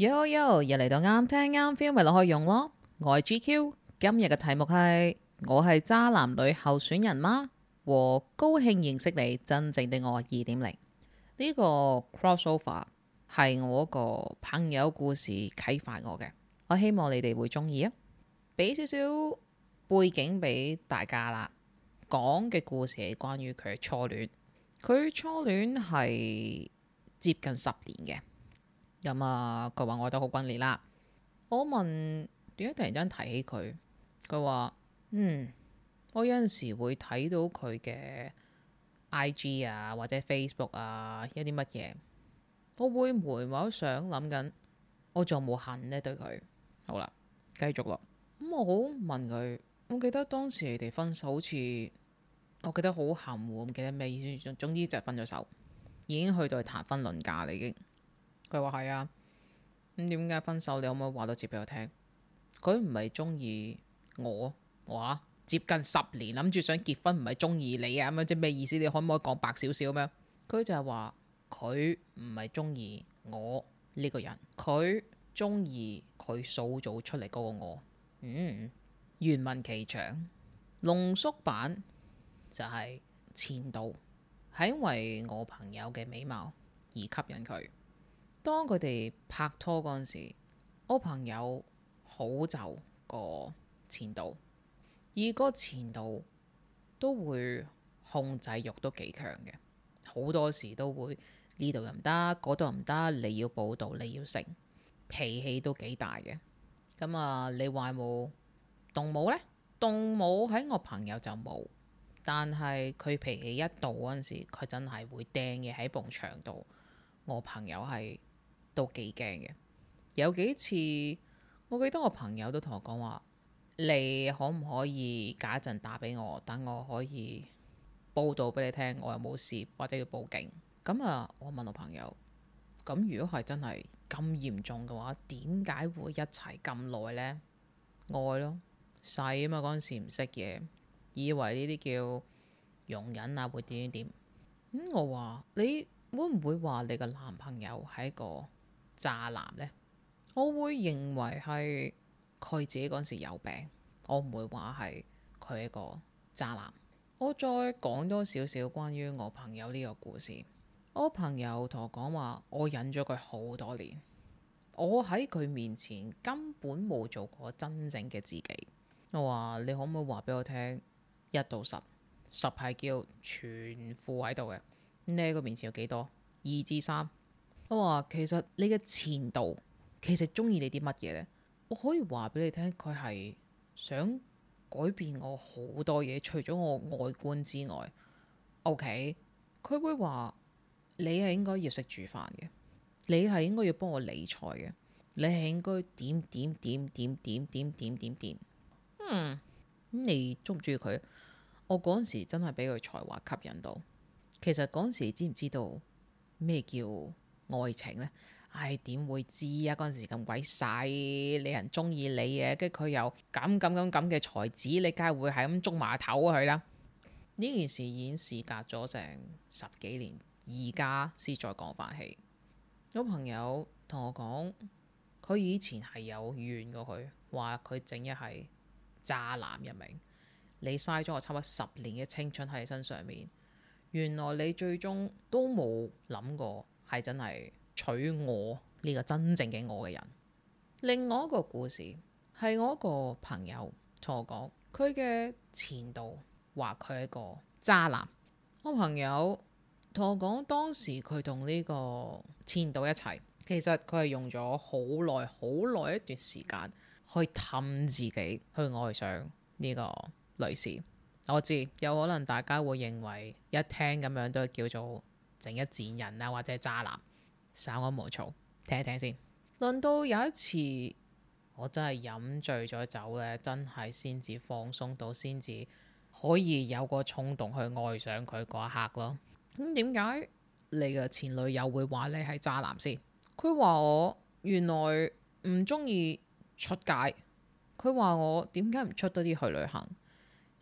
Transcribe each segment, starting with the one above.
Yo yo，又嚟到啱聽啱 feel 咪落去用咯。我係 GQ，今日嘅題目係我係渣男女候選人嗎？和高興認識你真正的我二點零呢個 cross over 係我一個朋友故事啟發我嘅，我希望你哋會中意啊！俾少少背景俾大家啦，講嘅故事係關於佢嘅初戀，佢初戀係接近十年嘅。咁啊，佢話、嗯、我覺得好分裂啦。我問點解突然間提起佢，佢話，嗯，我有陣時會睇到佢嘅 I G 啊或者 Facebook 啊一啲乜嘢，我會唔會我想諗緊，我仲冇恨呢對佢。好啦，繼續咯。咁、嗯、我好問佢，我記得當時你哋分手好似，我記得好含糊，唔記得咩意思。總之就係分咗手，已經去到談婚論嫁啦，已經。佢話係啊，咁點解分手？你可唔可以話多次俾我聽？佢唔係中意我，哇！接近十年，諗住想結婚，唔係中意你啊，咁樣即咩意思？你可唔可以講白少少咁樣？佢就係話佢唔係中意我呢個人，佢中意佢塑造出嚟嗰個我。嗯，願聞其詳濃縮版就係前度係因為我朋友嘅美貌而吸引佢。當佢哋拍拖嗰陣時，我朋友好就個前度，而個前度都會控制欲都幾強嘅，好多時都會呢度又唔得，嗰度又唔得，你要報道，你要成，脾氣都幾大嘅。咁啊，你話冇動武呢？動武喺我朋友就冇，但係佢脾氣一到嗰陣時，佢真係會掟嘢喺埲牆度。我朋友係。都幾驚嘅。有幾次，我記得我朋友都同我講話：你可唔可以假陣打俾我，等我可以報道俾你聽我有有，我又冇事或者要報警咁啊？我問我朋友：咁如果係真係咁嚴重嘅話，點解會一齊咁耐呢？愛咯細啊嘛，嗰陣時唔識嘢，以為呢啲叫容忍啊，會點點點咁、嗯。我話你會唔會話你個男朋友係一個？渣男呢，我會認為係佢自己嗰陣時有病，我唔會話係佢一個渣男。我再講多少少關於我朋友呢個故事。我朋友同我講話，我忍咗佢好多年，我喺佢面前根本冇做過真正嘅自己。我話，你可唔可以話俾我聽一到十，十係叫全副喺度嘅，呢、這個面前有幾多？二至三。我話其實你嘅前度，其實中意你啲乜嘢呢？我可以話俾你聽，佢係想改變我好多嘢，除咗我外觀之外，OK？佢會話你係應該要識煮飯嘅，你係應該要幫我理財嘅，你係應該點點點點點點點點點點，嗯？你中唔中意佢？我嗰陣時真係俾佢才華吸引到。其實嗰陣時，你知唔知道咩叫？愛情呢，唉、哎，點會知啊？嗰陣時咁鬼細，人你人中意你嘅，跟佢又咁咁咁咁嘅才子，你梗係會喺咁捉埋頭佢、啊、啦。呢件事已經事隔咗成十幾年，而家先再講翻起。有朋友同我講，佢以前係有怨過佢，話佢整一係渣男一名。你嘥咗我差唔多十年嘅青春喺你身上面，原來你最終都冇諗過。係真係娶我呢個真正嘅我嘅人。另外一個故事係我一個朋友同我講，佢嘅前度話佢係一個渣男。我朋友同我講，當時佢同呢個前度一齊，其實佢係用咗好耐、好耐一段時間去氹自己，去愛上呢個女士。我知有可能大家會認為一聽咁樣都係叫做。整一賤人啊，或者渣男，稍安勿躁，聽一聽先。輪到有一次，我真係飲醉咗酒咧，真係先至放鬆到，先至可以有個衝動去愛上佢嗰一刻咯。咁點解你嘅前女友會話你係渣男先？佢話我原來唔中意出街，佢話我點解唔出多啲去旅行，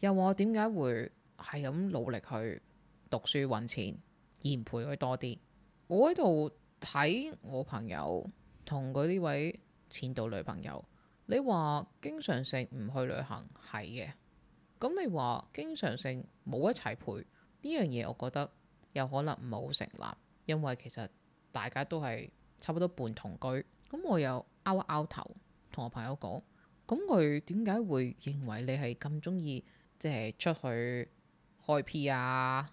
又話我點解會係咁努力去讀書揾錢。而唔陪佢多啲，我喺度睇我朋友同佢呢位前度女朋友，你話經常性唔去旅行，係嘅。咁、嗯嗯、你話經常性冇一齊陪呢樣嘢，我覺得有可能唔係好成立，因為其實大家都係差不多半同居。咁、嗯、我又拗一拗頭同我朋友講，咁佢點解會認為你係咁中意即係出去開 P 啊？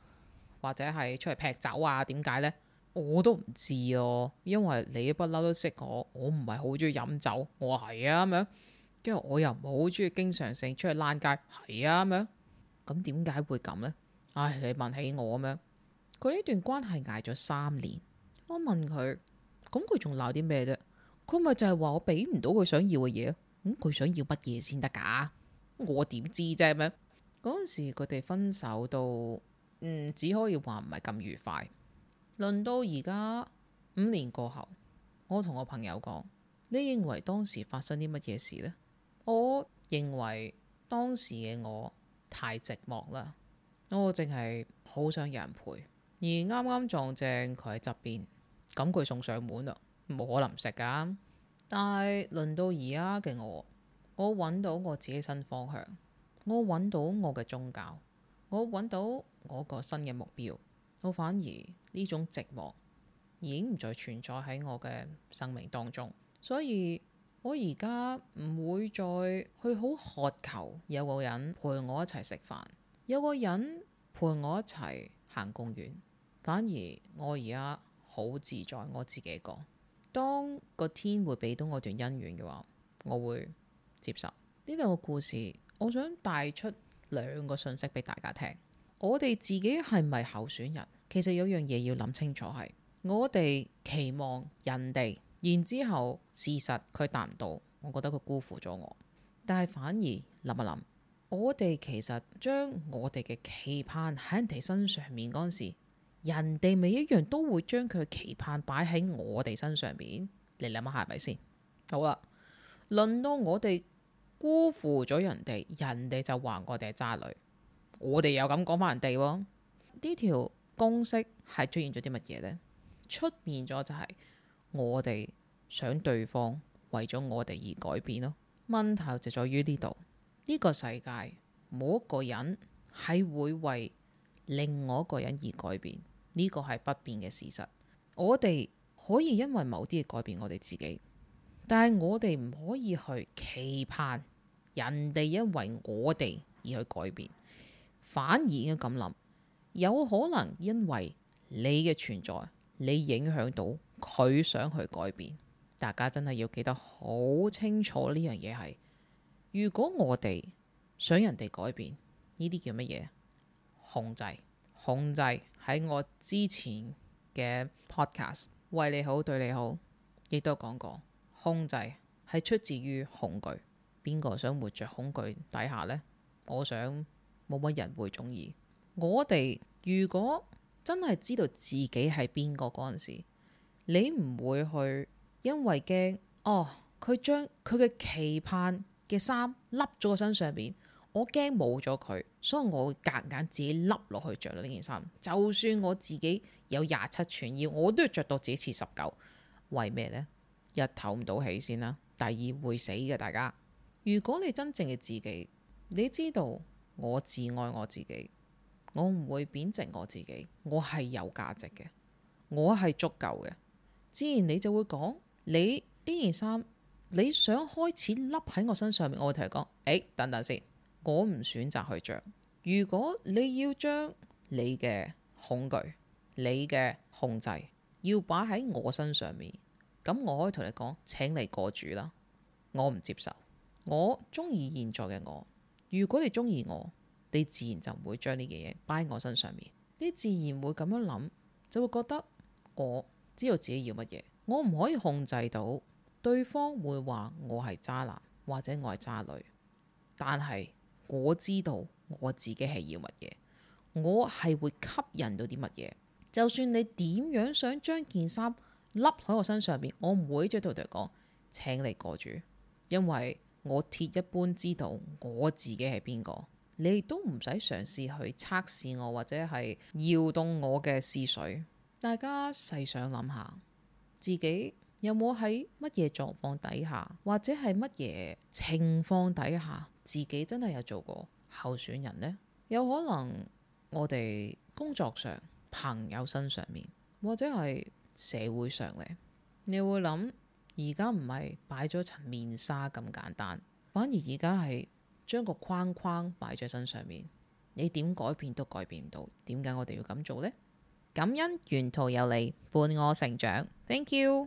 或者係出去劈酒啊？點解咧？我都唔知哦、啊，因為你不嬲都識我，我唔係好中意飲酒，我係啊咁樣，跟住我又唔係好中意經常性出去爛街，係啊咁樣。咁點解會咁咧？唉，你問起我咁樣，佢呢段關係捱咗三年，我問佢，咁佢仲鬧啲咩啫？佢咪就係話我俾唔到佢想要嘅嘢？咁佢想要乜嘢先得㗎？我點知啫？咁樣嗰陣時佢哋分手到。嗯，只可以話唔係咁愉快。輪到而家五年過後，我同我朋友講，你認為當時發生啲乜嘢事呢？我認為當時嘅我太寂寞啦，我淨係好想有人陪，而啱啱撞正佢喺側邊，咁佢送上門啦，冇可能唔食噶。但係輪到而家嘅我，我揾到我自己新方向，我揾到我嘅宗教，我揾到。我個新嘅目標，我反而呢種寂寞已經唔再存在喺我嘅生命當中，所以我而家唔會再去好渴求有個人陪我一齊食飯，有個人陪我一齊行公園。反而我而家好自在，我自己個當個天會俾到我段姻緣嘅話，我會接受。呢兩個故事，我想帶出兩個信息俾大家聽。我哋自己係咪候選人？其實有樣嘢要諗清楚係，我哋期望人哋，然之後事實佢達唔到，我覺得佢辜負咗我。但係反而諗一諗，我哋其實將我哋嘅期盼喺人哋身上面嗰陣時，人哋咪一樣都會將佢嘅期盼擺喺我哋身上面？你諗下係咪先？好啦，輪到我哋辜負咗人哋，人哋就話我哋係渣女。我哋又咁講翻人哋喎，呢條公式係出現咗啲乜嘢呢？出現咗就係、是、我哋想對方為咗我哋而改變咯。問題就在於呢度，呢、這個世界冇一個人係會為另外一個人而改變，呢、這個係不變嘅事實。我哋可以因為某啲嘢改變我哋自己，但係我哋唔可以去期盼人哋因為我哋而去改變。反而要咁諗，有可能因為你嘅存在，你影響到佢想去改變。大家真係要記得好清楚呢樣嘢係，如果我哋想人哋改變呢啲叫乜嘢？控制。控制喺我之前嘅 podcast，為你好對你好，亦都講過控制係出自於恐懼。邊個想活著恐懼底下呢？我想。冇乜人會中意我哋。如果真係知道自己係邊個嗰陣時，你唔會去因為驚哦，佢將佢嘅期盼嘅衫笠咗個身上邊，我驚冇咗佢，所以我會夾硬自己笠落去着呢件衫。就算我自己有廿七寸腰，我都要着到自己似十九。為咩呢？一頭唔到起先啦，第二會死嘅。大家如果你真正嘅自己，你知道。我自愛我自己，我唔會貶值我自己，我係有價值嘅，我係足夠嘅。自然你就會講你呢件衫，你想開始笠喺我身上面，我會同你講，誒、欸，等等先，我唔選擇去着。如果你要將你嘅恐懼、你嘅控制，要擺喺我身上面，咁我可以同你講，請你過主啦，我唔接受，我中意現在嘅我。如果你中意我，你自然就唔會將呢件嘢擺我身上面。你自然會咁樣諗，就會覺得我知道自己要乜嘢，我唔可以控制到對方會話我係渣男或者我係渣女。但係我知道我自己係要乜嘢，我係會吸引到啲乜嘢。就算你點樣想將件衫笠喺我身上面，我唔會喺度對佢講，請你過住，因為。我鐵一般知道我自己係邊個，你亦都唔使嘗試去測試我或者係搖動我嘅思緒。大家細想諗下，自己有冇喺乜嘢狀況底下，或者係乜嘢情況底下，自己真係有做過候選人呢？有可能我哋工作上、朋友身上面，或者係社會上咧，你會諗？而家唔係擺咗一層面紗咁簡單，反而而家係將個框框擺咗喺身上面。你點改變都改變唔到，點解我哋要咁做呢？感恩沿途有你伴我成長，Thank you。